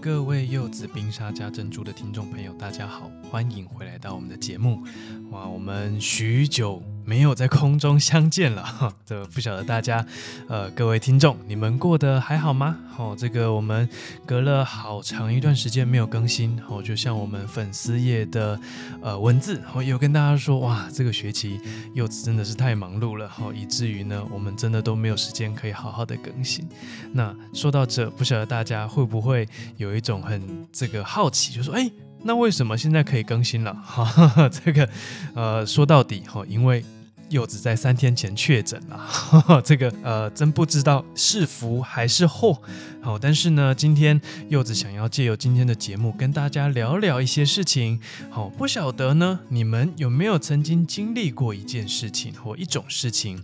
各位柚子冰沙加珍珠的聽眾朋友，大家好，歡迎回來到我們的節目。哇，我們許久。沒有在空中相見了，哈，這不曉得大家，呃，各位聽眾，你們過得還好嗎？好、哦，這個我們隔了好長一段時間沒有更新，好、哦，就像我們粉絲頁的呃文字，我、哦、有跟大家說，哇，這個學期柚子真的是太忙碌了，好、哦，以至於呢，我們真的都沒有時間可以好好的更新。那說到這，不曉得大家會不會有一種很這個好奇，就是、說，哎，那為什麼現在可以更新了？哈，這個，呃，說到底，哈、哦，因為。柚子在三天前確診了，哈哈，這個呃，真不知道是福還是禍。好，但是呢，今天柚子想要借由今天的節目跟大家聊聊一些事情。好，不曉得呢，你們有沒有曾經經歷過一件事情或一種事情？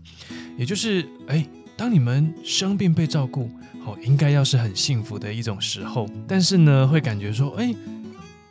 也就是，誒、欸，當你們生病被照顧，好，應該要是很幸福的一種時候，但是呢，會感覺說，誒、欸。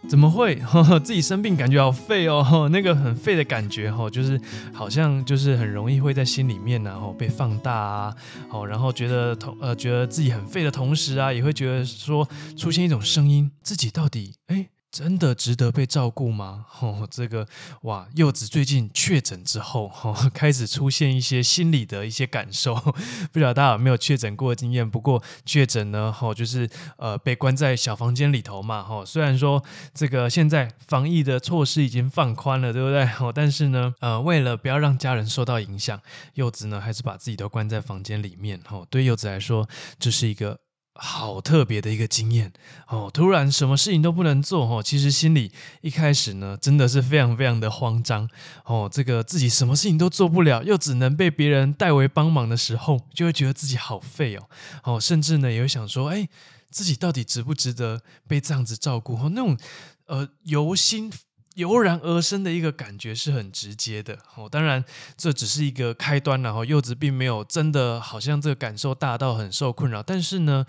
怎麼會呵呵，自己生病，感覺好廢哦？那個很廢的感覺，哦，就是好像就是很容易會在心裡面、啊，然後被放大啊，哦，然後覺得同呃，覺得自己很廢的同時啊，也會覺得說出現一種聲音，自己到底誒。真的值得被照顧嗎？哦、這個哇，柚子最近確診之後、哦，開始出現一些心理的一些感受。不曉得大家有沒有確診過的經驗？不過確診呢，哈、哦，就是呃，被關在小房間裡頭嘛。哈、哦，雖然說這個現在防疫的措施已經放寬了，對不對？哈、哦，但是呢，呃，為了不要讓家人受到影響，柚子呢還是把自己都關在房間裡面。哈、哦，對柚子來說，這、就是一個。好特別的一個經驗哦！突然什麼事情都不能做哦，其實心裡一開始呢，真的是非常非常的慌張哦。這個自己什麼事情都做不了，又只能被別人代為幫忙的時候，就會覺得自己好廢哦哦，甚至呢也會想說，哎、欸，自己到底值不值得被這樣子照顧哦？那種呃由心。油然而生的一個感覺是很直接的，哦，當然這只是一個開端，然後柚子並沒有真的好像這個感受大到很受困擾，但是呢，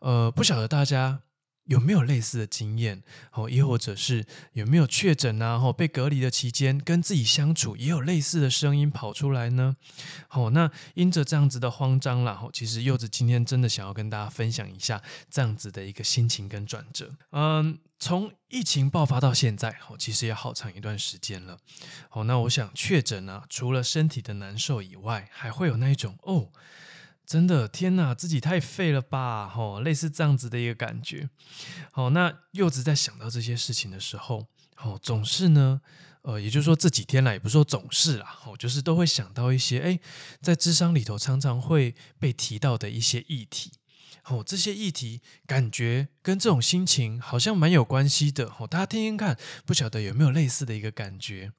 呃，不曉得大家。有沒有類似的經驗？哦，亦或者是有沒有確診啊？哦，被隔離的期間跟自己相處，也有類似的聲音跑出來呢？好，那因着這樣子的慌張啦。其實柚子今天真的想要跟大家分享一下這樣子的一個心情跟轉折。嗯，從疫情爆發到現在，其實也好長一段時間了。好，那我想確診呢、啊，除了身體的難受以外，還會有那一種哦。真的天哪，自己太廢了吧！吼、哦，類似這樣子的一個感覺。好、哦，那柚子在想到這些事情的時候，好、哦，總是呢，呃，也就是說這幾天啦，也不是說總是啦，哦，就是都會想到一些，哎、欸，在諮商裡頭常常會被提到的一些議題。哦，這些議題感覺跟這種心情好像蠻有關係的。哦，大家聽聽看，不曉得有沒有類似的一個感覺。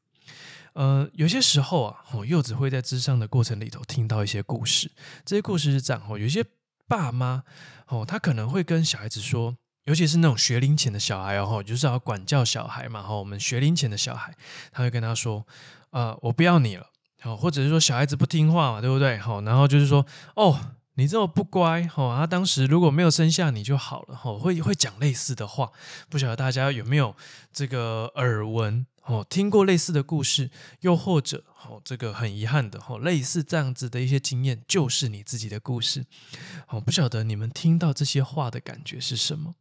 呃，有些時候啊，哦，柚子會在諮商的過程裡頭聽到一些故事。這些故事是這樣，哦，有些爸媽哦，他可能會跟小孩子說，尤其是那種學齡前的小孩哦，哦，就是要管教小孩嘛。哈、哦，我們學齡前的小孩，他會跟他說：“呃，我不要你了。哦”好，或者是說小孩子不聽話嘛，對不對？好、哦，然後就是說：“哦，你這麼不乖。”哦。他、啊、當時如果沒有生下你就好了。哈、哦，會會講類似的話。不曉得大家有沒有這個耳聞？哦，聽過類似的故事，又或者哦，這個很遺憾的哦，類似這樣子的一些經驗，就是你自己的故事。哦，不曉得你們聽到這些話的感覺是什麼？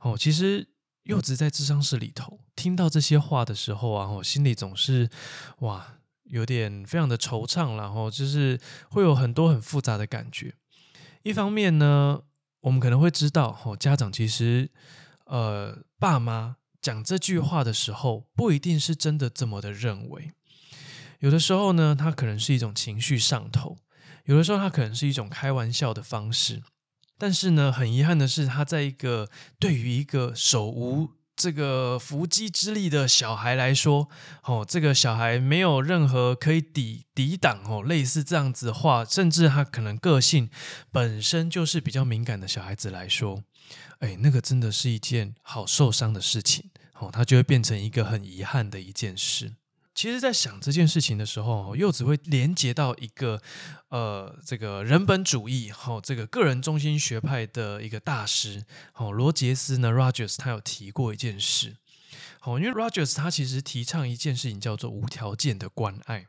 哦，其實柚子在諮商室裡頭聽到這些話的時候啊，我心裡總是哇，有點非常的惆悵，然後就是會有很多很複雜的感覺。一方面呢，我們可能會知道哦，家長其實呃，爸媽。講這句話的時候，不一定是真的這麼的認為。有的時候呢，他可能是一種情緒上頭；有的時候，他可能是一種開玩笑的方式。但是呢，很遺憾的是，他在一個對於一個手無這個縛雞之力的小孩來說，哦，這個小孩沒有任何可以抵抵擋哦，類似這樣子的話，甚至他可能個性本身就是比較敏感的小孩子來說。哎、欸，那個真的是一件好受傷的事情，哦，它就會變成一個很遺憾的一件事。其實，在想這件事情的時候，又只會連接到一個呃，這個人本主義，哈、哦，這個個人中心學派的一個大師，哈、哦，羅傑斯呢，Rogers，他有提過一件事、哦，因為 Rogers 他其實提倡一件事情叫做無條件的關愛，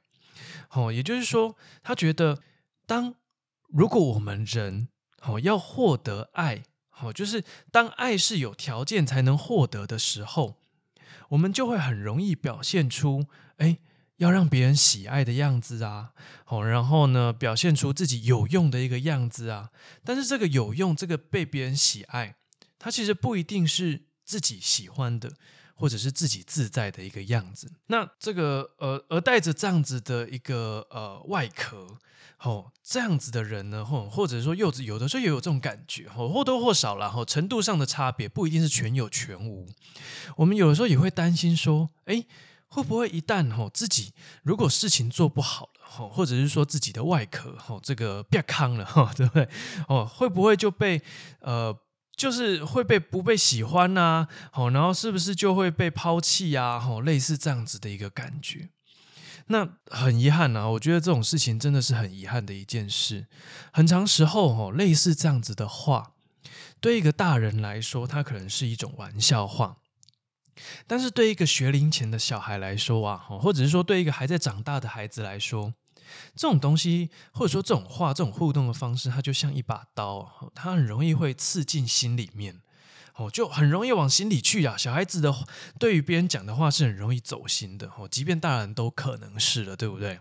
好、哦，也就是說，他覺得，當如果我們人，好、哦，要獲得愛。好，就是當愛是有條件才能獲得的時候，我們就會很容易表現出，哎，要讓別人喜愛的樣子啊。好，然後呢，表現出自己有用的一個樣子啊。但是這個有用，這個被別人喜愛，它其實不一定是自己喜歡的。或者是自己自在的一個樣子，那這個呃，而帶着這樣子的一個呃外殼，吼、哦，這樣子的人呢，或、哦、或者是說，柚子有的時候也有這種感覺，哈、哦，或多或少啦。哈、哦，程度上的差別不一定是全有全無。我們有的時候也會擔心說，哎，會不會一旦吼、哦、自己如果事情做不好了，吼、哦，或者是說自己的外殼吼、哦、這個變糠了，哈、哦，對不對？哦，會不會就被呃？就是會被不被喜歡吶，好，然後是不是就會被拋棄啊？吼，類似這樣子的一個感覺，那很遺憾啊，我覺得這種事情真的是很遺憾的一件事。很長時候哦，類似這樣子的話，對一個大人來說，它可能是一種玩笑話，但是對一個學齡前的小孩來說啊，或者是說對一個還在長大的孩子來說。這種東西，或者說這種話，這種互動的方式，它就像一把刀，哦，它很容易會刺進心裡面，哦，就很容易往心裡去啊。小孩子的對於別人講的話是很容易走心的，哦，即便大人都可能是了，對不對？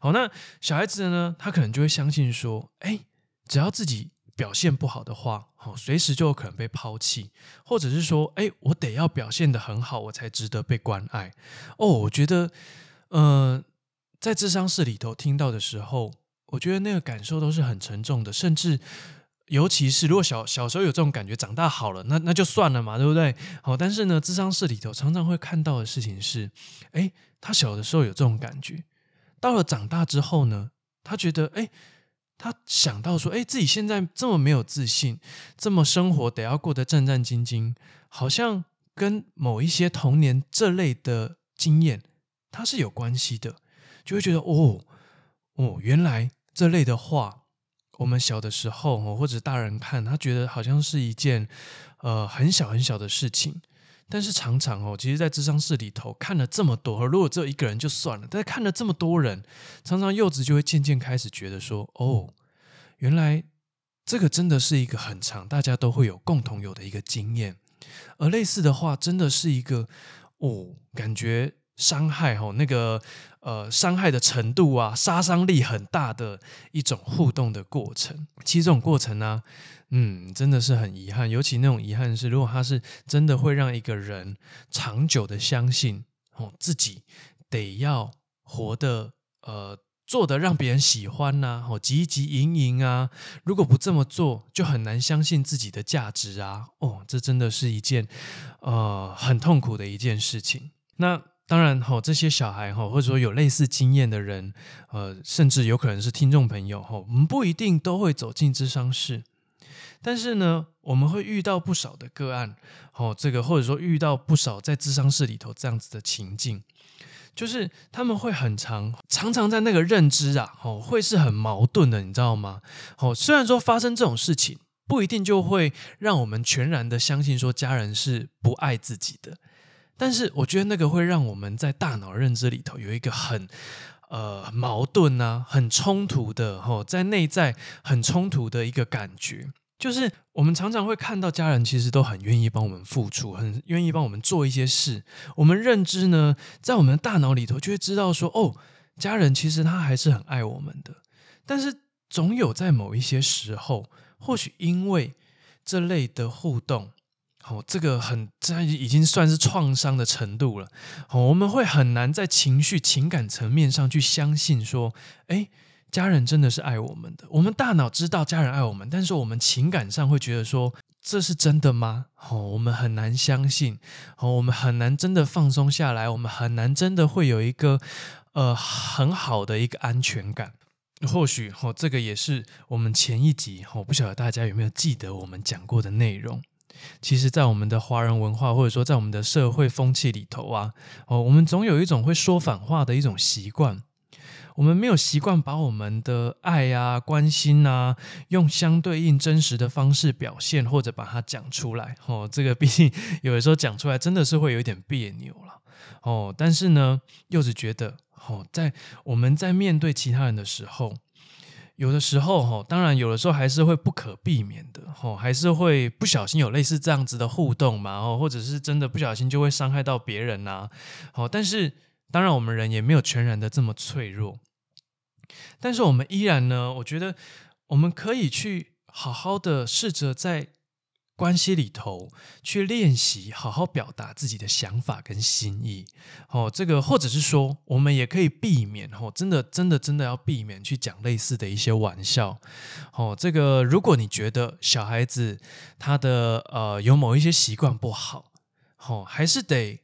好，那小孩子呢，他可能就會相信說，哎、欸，只要自己表現不好的話，哦、隨時就有可能被拋棄，或者是說，哎、欸，我得要表現得很好，我才值得被關愛。哦，我覺得，嗯、呃。在諮商室裡頭聽到的時候，我覺得那個感受都是很沉重的，甚至尤其是如果小小時候有這種感覺，長大好了，那那就算了嘛，對不對？好，但是呢，諮商室裡頭常常會看到的事情是，哎、欸，他小的時候有這種感覺，到了長大之後呢，他覺得，哎、欸，他想到說，哎、欸，自己現在這麼沒有自信，這麼生活得要過得戰戰兢兢，好像跟某一些童年這類的經驗，它是有關係的。就會覺得哦哦，原來這類的話，我們小的時候哦，或者大人看他覺得好像是一件呃很小很小的事情，但是常常哦，其實在諮商室裡頭看了這麼多，而如果只有一個人就算了，但看了這麼多人，常常柚子就會漸漸開始覺得說哦，原來這個真的是一個很長，大家都會有共同有的一個經驗，而類似的話真的是一個哦感覺。傷害那個呃傷害的程度啊，殺傷力很大的一種互動的過程。其實這種過程呢、啊，嗯，真的是很遺憾。尤其那種遺憾是，如果他是真的會讓一個人長久的相信哦、呃，自己得要活得呃做得讓別人喜歡吶、啊，哦、呃，汲汲營營啊。如果不這麼做，就很難相信自己的價值啊。哦，這真的是一件呃很痛苦的一件事情。那當然，哈，這些小孩，哈，或者說有類似經驗的人，呃，甚至有可能是聽眾朋友，哈，我們不一定都會走進諮商室，但是呢，我們會遇到不少的個案，哦，這個或者說遇到不少在諮商室裡頭這樣子的情境，就是他們會很常常常在那個認知啊，哦，會是很矛盾的，你知道嗎？哦，雖然說發生這種事情，不一定就會讓我們全然的相信說家人是不愛自己的。但是，我覺得那個會讓我們在大腦認知裡頭有一個很呃矛盾啊、很衝突的哈、哦，在內在很衝突的一個感覺，就是我們常常會看到家人其實都很願意幫我們付出，很願意幫我們做一些事。我們認知呢，在我們的大腦裡頭就會知道說，哦，家人其實他還是很愛我們的。但是，總有在某一些時候，或許因為這類的互動。哦，這個很，這已經算是創傷的程度了。哦，我們會很難在情緒、情感層面上去相信說，哎，家人真的是愛我們的。我們大腦知道家人愛我們，但是我們情感上會覺得說，這是真的嗎？哦，我們很難相信。哦，我們很難真的放鬆下來，我們很難真的會有一個呃很好的一個安全感。或許，哦，這個也是我們前一集，哦，不曉得大家有沒有記得我們講過的內容。其實，在我們的華人文化，或者說在我們的社會風氣裡頭啊，哦，我們總有一種會說反話的一種習慣。我們沒有習慣把我們的愛呀、啊、關心吶、啊，用相對應真實的方式表現，或者把它講出來。哦，這個畢竟有的時候講出來真的是會有一點彆扭了。哦，但是呢，柚子覺得，哦，在我們在面對其他人的時候。有的時候，哈，當然有的時候還是會不可避免的，哈，還是會不小心有類似這樣子的互動嘛，哦，或者是真的不小心就會傷害到別人吶，好，但是當然我們人也沒有全然的這麼脆弱，但是我們依然呢，我覺得我們可以去好好的試着在。關係裡頭去練習，好好表達自己的想法跟心意。哦，這個或者是說，我們也可以避免哦，真的，真的，真的要避免去講類似的一些玩笑。哦，這個如果你覺得小孩子他的呃有某一些習慣不好，哦，還是得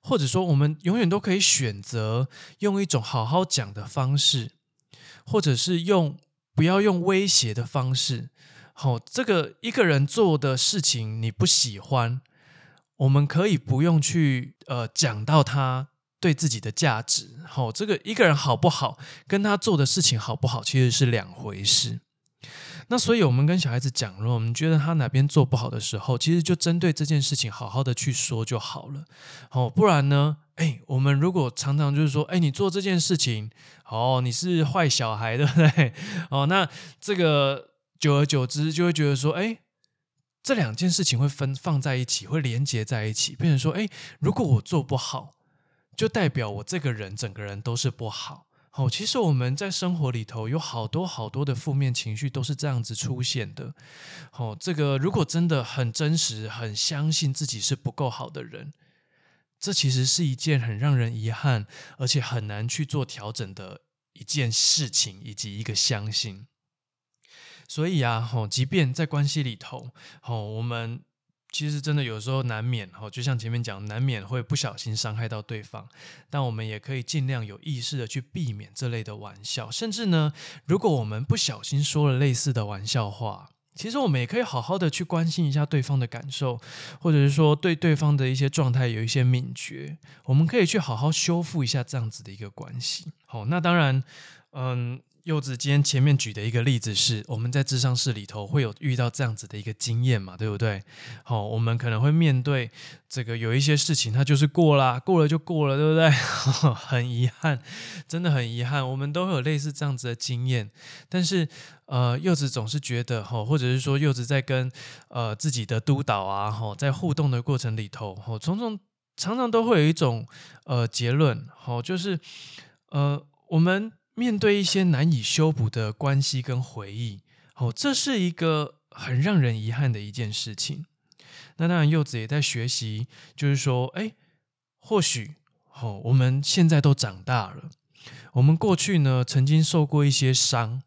或者說我們永遠都可以選擇用一種好好講的方式，或者是用不要用威脅的方式。好，這個一個人做的事情你不喜歡，我們可以不用去呃講到他對自己的價值。好、哦，這個一個人好不好，跟他做的事情好不好其實是兩回事。那所以我們跟小孩子講了，我們覺得他哪邊做不好的時候，其實就針對這件事情好好的去說就好了。好、哦，不然呢？誒，我們如果常常就是說，誒，你做這件事情，哦，你是壞小孩，對不對？哦，那這個。久而久之，就會覺得說：“哎，這兩件事情會分，放在一起，會連接在一起，變成說：‘哎，如果我做不好，就代表我這個人整個人都是不好。哦，好，其實我們在生活裡頭有好多好多的負面情緒，都是這樣子出現的。好，哦，這個如果真的很真實，很相信自己是不夠好的人，這其實是一件很讓人遺憾，而且很難去做調整的一件事情，以及一個相信。”所以啊，即便在關係裡頭，我們其實真的有時候難免，就像前面講，難免會不小心傷害到對方。但我們也可以盡量有意識的去避免這類的玩笑。甚至呢，如果我們不小心說了類似的玩笑話，其實我們也可以好好的去關心一下對方的感受，或者是說對對方的一些狀態有一些敏覺，我們可以去好好修復一下這樣子的一個關係。好，那當然，嗯。柚子今天前面舉的一個例子是，我們在諮商室裡頭會有遇到這樣子的一個經驗嘛，對不對？好、哦，我們可能會面對這個有一些事情，它就是過了、啊，過了就過了，對不對？呵呵，很遺憾，真的很遺憾，我們都會有類似這樣子的經驗。但是，呃，柚子總是覺得，哈，或者是說，柚子在跟呃自己的督導啊，哈、哦，在互動的過程裡頭，哈、哦，從從常常都會有一種呃結論，哈、哦，就是呃我們。面對一些難以修補的關係跟回憶，哦，這是一個很讓人遺憾的一件事情。那當然，柚子也在學習，就是說，誒，或許，哦，我們現在都長大了，我們過去呢，曾經受過一些傷，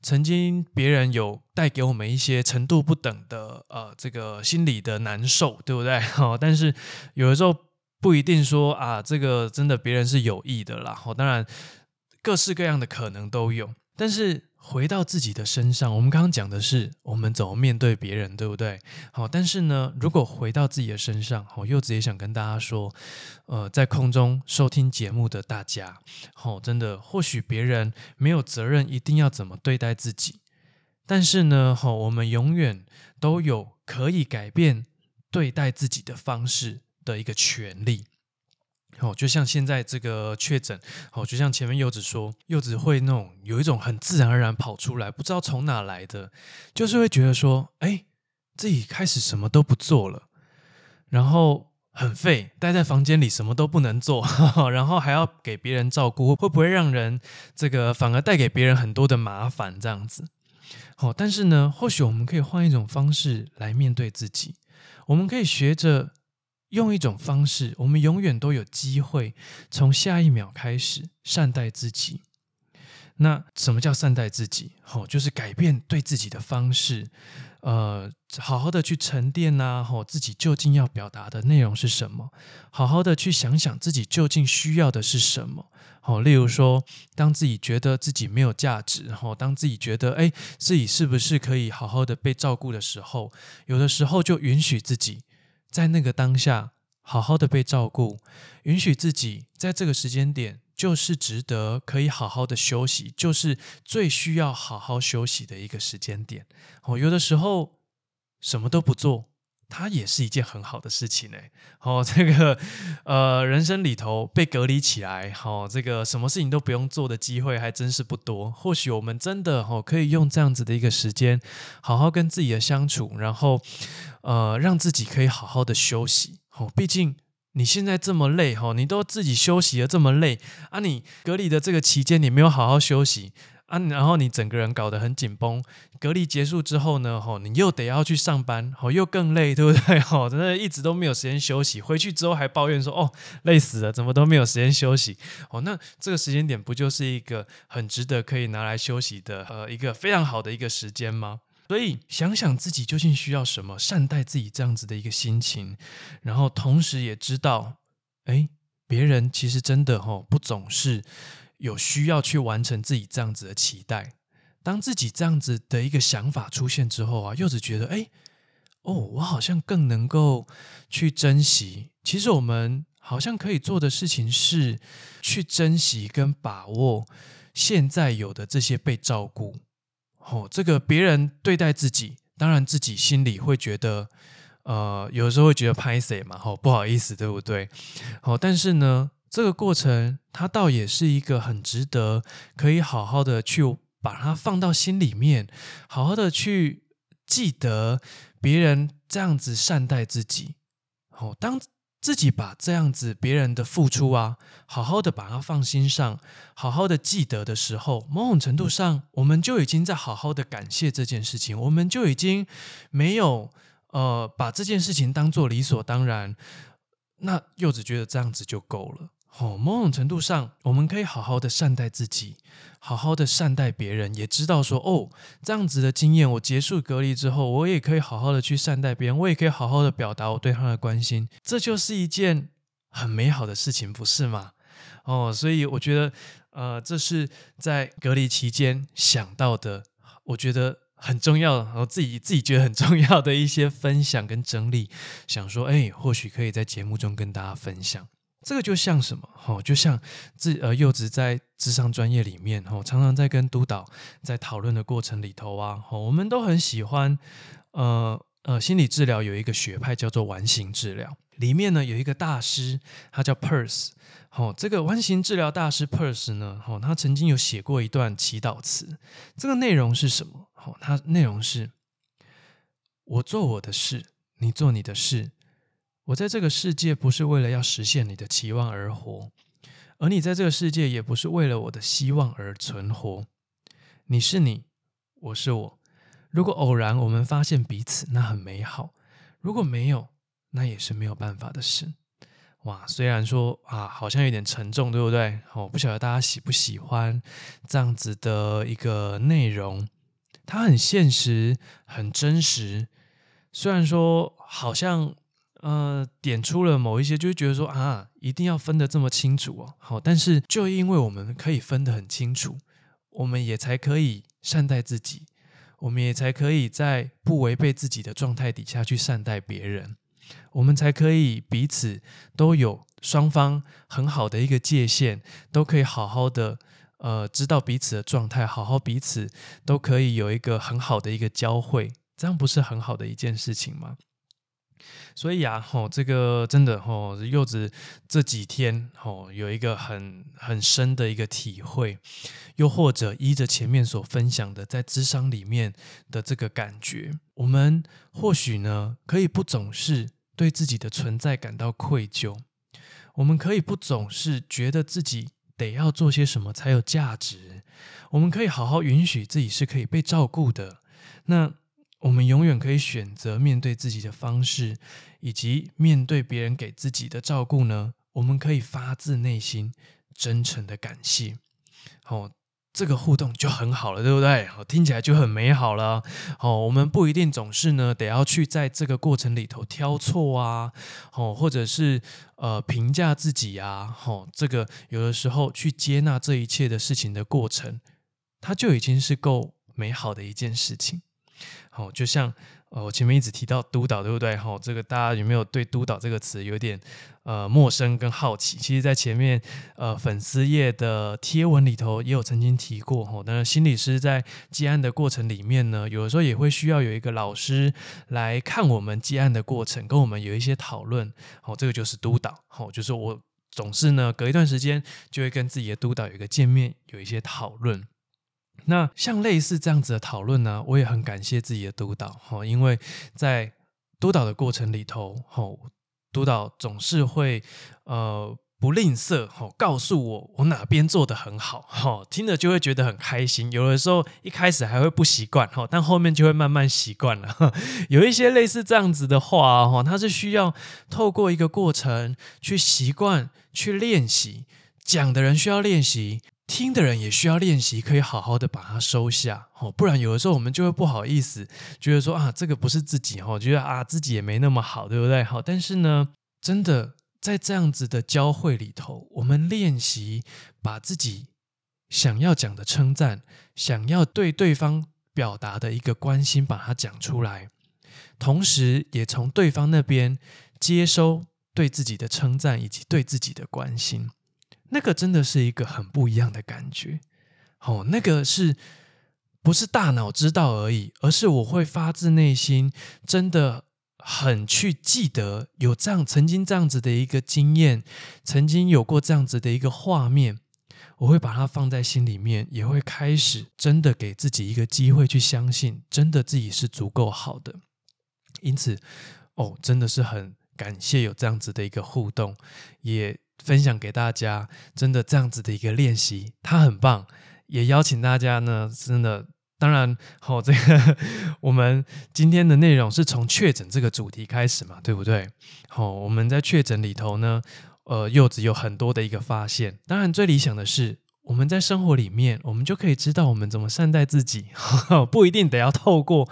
曾經別人有帶給我們一些程度不等的呃，這個心理的難受，對不對？哦，但是有的時候不一定說啊，這個真的別人是有意的啦。哦，當然。各式各樣的可能都有，但是回到自己的身上，我們剛剛講的是我們怎麼面對別人，對不對？好，但是呢，如果回到自己的身上，好，柚子也想跟大家說，呃，在空中收聽節目的大家，好，真的，或許別人沒有責任一定要怎麼對待自己，但是呢，好，我們永遠都有可以改變對待自己的方式的一個權利。哦，就像現在這個確診，哦，就像前面柚子說，柚子會那種有一種很自然而然跑出來，不知道從哪來的，就是會覺得說，哎，自己開始什麼都不做了，然後很廢，待在房間裡什麼都不能做，然後還要給別人照顧，會不會讓人這個反而帶給別人很多的麻煩這樣子？好，但是呢，或許我們可以換一種方式來面對自己，我們可以學着。用一種方式，我們永遠都有機會從下一秒開始善待自己。那什麼叫善待自己？吼，就是改變對自己的方式，呃，好好的去沉澱吶，好，自己究竟要表達的內容是什麼？好好的去想想自己究竟需要的是什麼。好，例如說，當自己覺得自己沒有價值，然後當自己覺得哎，自己是不是可以好好的被照顧的時候，有的時候就允許自己。在那個當下，好好的被照顧，允許自己在這個時間點就是值得可以好好的休息，就是最需要好好休息的一個時間點。哦，有的時候什麼都不做。它也是一件很好的事情呢，哦，這個呃，人生裡頭被隔離起來，哈、哦，這個什麼事情都不用做的機會還真是不多。或許我們真的哈、哦、可以用這樣子的一個時間，好好跟自己的相處，然後呃，讓自己可以好好的休息。哦，畢竟你現在這麼累哈、哦，你都自己休息的這麼累啊，你隔離的這個期間你沒有好好休息。啊，然後你整個人搞得很緊繃。隔離結束之後呢，吼、哦，你又得要去上班，吼、哦，又更累，對不對？吼、哦，真的一直都沒有時間休息。回去之後還抱怨說，哦，累死了，怎麼都沒有時間休息。哦，那這個時間點不就是一個很值得可以拿來休息的，呃，一個非常好的一個時間嗎？所以想想自己究竟需要什麼，善待自己這樣子的一個心情，然後同時也知道，哎，別人其實真的吼、哦，不總是。有需要去完成自己這樣子的期待，當自己這樣子的一個想法出現之後啊，柚子覺得哎、欸，哦，我好像更能夠去珍惜。其實我們好像可以做的事情是去珍惜跟把握現在有的這些被照顧。哦，這個別人對待自己，當然自己心裡會覺得，呃，有時候會覺得拍謝嘛，吼、哦，不好意思，對不對？好、哦，但是呢。這個過程，它倒也是一個很值得，可以好好的去把它放到心裡面，好好的去記得別人這樣子善待自己。哦，當自己把這樣子別人的付出啊，好好的把它放心上，好好的記得的時候，某種程度上，我們就已經在好好的感謝這件事情，我們就已經沒有呃把這件事情當做理所當然。那柚子覺得這樣子就夠了。哦，某種程度上，我們可以好好的善待自己，好好的善待別人，也知道說哦，這樣子的經驗，我結束隔離之後，我也可以好好的去善待別人，我也可以好好的表達我對他的關心，這就是一件很美好的事情，不是嗎？哦，所以我覺得，呃，這是在隔離期間想到的，我覺得很重要的，我自己自己覺得很重要的一些分享跟整理，想說，哎，或許可以在節目中跟大家分享。這個就像什麼？哦，就像自呃，柚子在諮商專業裡面哦，常常在跟督導在討論的過程裡頭啊，哦，我們都很喜歡，呃呃，心理治療有一個學派叫做完形治療，裡面呢有一個大師，他叫 Perls 哦，這個完形治療大師 Perls 呢，哦，他曾經有寫過一段祈禱詞，這個內容是什麼？哦，他內容是：我做我的事，你做你的事。我在這個世界不是為了要實現你的期望而活，而你在這個世界也不是為了我的希望而存活。你是你，我是我。如果偶然我們發現彼此，那很美好；如果沒有，那也是沒有辦法的事。哇，雖然說啊，好像有點沉重，對不對？我、哦、不曉得大家喜不喜歡這樣子的一個內容。它很現實，很真實。雖然說好像。呃，點出了某一些，就會覺得說啊，一定要分得這麼清楚哦。好，但是就因為我們可以分得很清楚，我們也才可以善待自己，我們也才可以在不違背自己的狀態底下去善待別人，我們才可以彼此都有雙方很好的一個界限，都可以好好的呃知道彼此的狀態，好好彼此都可以有一個很好的一個交匯，這樣不是很好的一件事情嗎？所以啊，吼，這個真的吼，柚子這幾天吼有一個很很深的一個體會，又或者依着前面所分享的，在諮商裡面的這個感覺，我們或許呢可以不總是對自己的存在感到愧疚，我們可以不總是覺得自己得要做些什麼才有價值，我們可以好好允許自己是可以被照顧的，那。我們永遠可以選擇面對自己的方式，以及面對別人給自己的照顧呢，我們可以發自內心真誠的感謝。哦，這個互動就很好了，對不對？哦，聽起來就很美好了。哦，我們不一定總是呢得要去在這個過程裡頭挑錯啊，哦，或者是呃評價自己啊。哦，這個有的時候去接納這一切的事情的過程，它就已經是夠美好的一件事情。哦，就像哦，我前面一直提到督導，對不對？哈、哦，這個大家有沒有對“督導”這個詞有點呃陌生跟好奇？其實，在前面呃粉絲頁的貼文裡頭，也有曾經提過哦。那心理師在接案的過程裡面呢，有的時候也會需要有一個老師來看我們接案的過程，跟我們有一些討論。哦，這個就是督導。哦，就是我總是呢，隔一段時間就會跟自己的督導有一個見面，有一些討論。那像類似這樣子的討論呢，我也很感謝自己的督導，因為在督導的過程裡頭哈，督導總是會、呃、不吝嗇，告訴我我哪邊做得很好，聽了就會覺得很開心。有的時候一開始還會不習慣，但後面就會慢慢習慣了。 有一些類似這樣子的話，它是需要透過一個過程去習慣、去練習，講的人需要練習。聽的人也需要練習，可以好好的把它收下哦，不然有的時候我們就會不好意思，覺得說啊，這個不是自己哦，覺得啊自己也沒那麼好，對不對？好，哦，但是呢，真的在這樣子的教會裡頭，我們練習把自己想要講的稱讚、想要對對方表達的一個關心，把它講出來，同時也從對方那邊接收對自己的稱讚以及對自己的關心。那個真的是一個很不一樣的感覺，哦，那個是不是大腦知道而已，而是我會發自內心真的很去記得有這樣曾經這樣子的一個經驗，曾經有過這樣子的一個畫面，我會把它放在心裡面，也會開始真的給自己一個機會去相信，真的自己是足夠好的。因此，哦，真的是很感謝有這樣子的一個互動，也。分享給大家，真的這樣子的一個練習，它很棒。也邀請大家呢，真的，當然，好、哦，這個我們今天的內容是從確診這個主題開始嘛，對不對？好、哦，我們在確診裡頭呢，呃，柚子有很多的一個發現。當然，最理想的是。我們在生活裡面，我們就可以知道我們怎麼善待自己，呵呵，不一定得要透過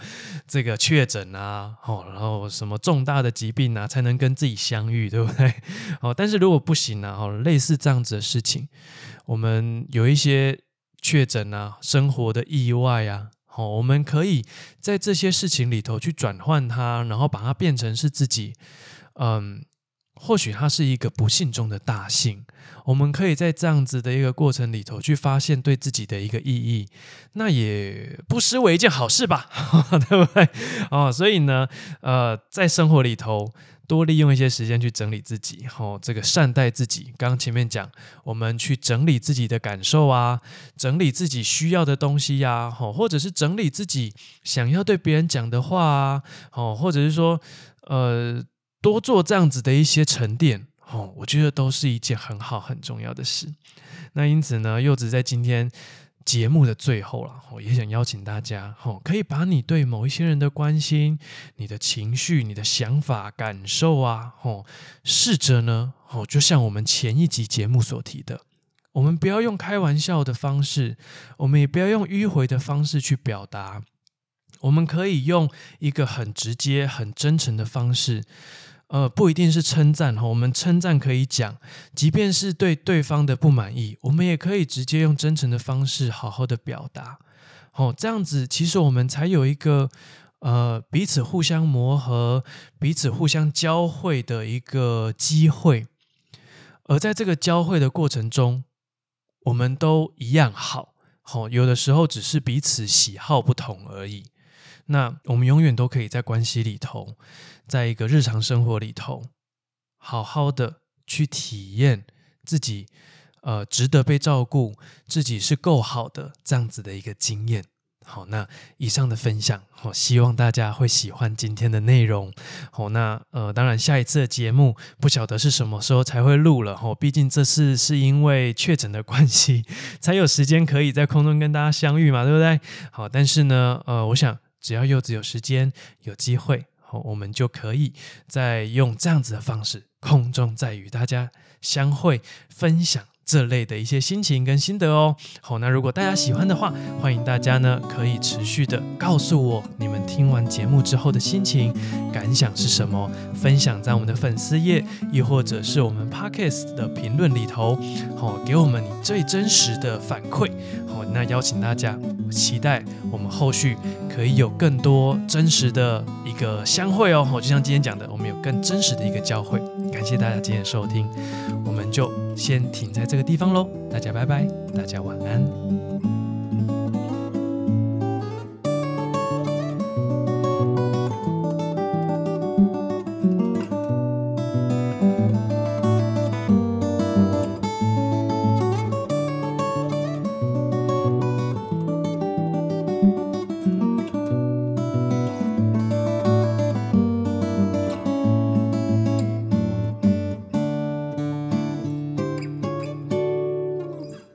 這個確診啊，哦，然後什麼重大的疾病啊，才能跟自己相遇，對不對？哦，但是如果不行啊，哦，類似這樣子的事情，我們有一些確診啊，生活的意外啊，哦，我們可以在這些事情裡頭去轉換它，然後把它變成是自己，嗯。或許它是一個不幸中的大幸，我們可以在這樣子的一個過程裡頭去發現對自己的一個意義，那也不失為一件好事吧， 對不對？哦，所以呢，呃，在生活裡頭多利用一些時間去整理自己，哦，這個善待自己。剛前面講，我們去整理自己的感受啊，整理自己需要的東西呀，啊哦，或者是整理自己想要對別人講的話啊，哦，或者是說，呃。多做這樣子的一些沉澱，我覺得都是一件很好很重要的事。那因此呢，柚子在今天節目的最後了，我也想邀請大家，可以把你對某一些人的關心、你的情緒、你的想法、感受啊，試着呢，就像我們前一集節目所提的，我們不要用開玩笑的方式，我們也不要用迂迴的方式去表達，我們可以用一個很直接、很真誠的方式。呃，不一定是稱讚哈，我們稱讚可以講，即便是對對方的不滿意，我們也可以直接用真誠的方式好好的表達，好，這樣子其實我們才有一個呃彼此互相磨合、彼此互相交匯的一個機會。而在這個交匯的過程中，我們都一樣好，好，有的時候只是彼此喜好不同而已。那我們永遠都可以在關係裡頭。在一個日常生活裡頭，好好的去體驗自己，呃，值得被照顧，自己是夠好的，這樣子的一個經驗。好，那以上的分享，我、哦、希望大家會喜歡今天的內容。好、哦，那呃，當然下一次的節目不曉得是什麼時候才會錄了。哦，畢竟這次是因為確診的關係，才有時間可以在空中跟大家相遇嘛，對不對？好，但是呢，呃，我想只要柚子有時間有機會。好，我們就可以再用這樣子的方式，空中再與大家相會分享，這類的一些心情跟心得哦，好，那如果大家喜歡的話，歡迎大家呢可以持續地告訴我你們聽完節目之後的心情、感想是什麼，分享在我們的粉絲頁，又或者是我們 Podcast 的評論裡頭，好、哦，給我們最真實的反饋。好、哦，那邀請大家，期待我們後續可以有更多真實的一個相會哦。好，就像今天講的，我們有更真實的一個教會。感謝大家今天收聽，我們就。先停在這個地方嘍，大家拜拜，大家晚安。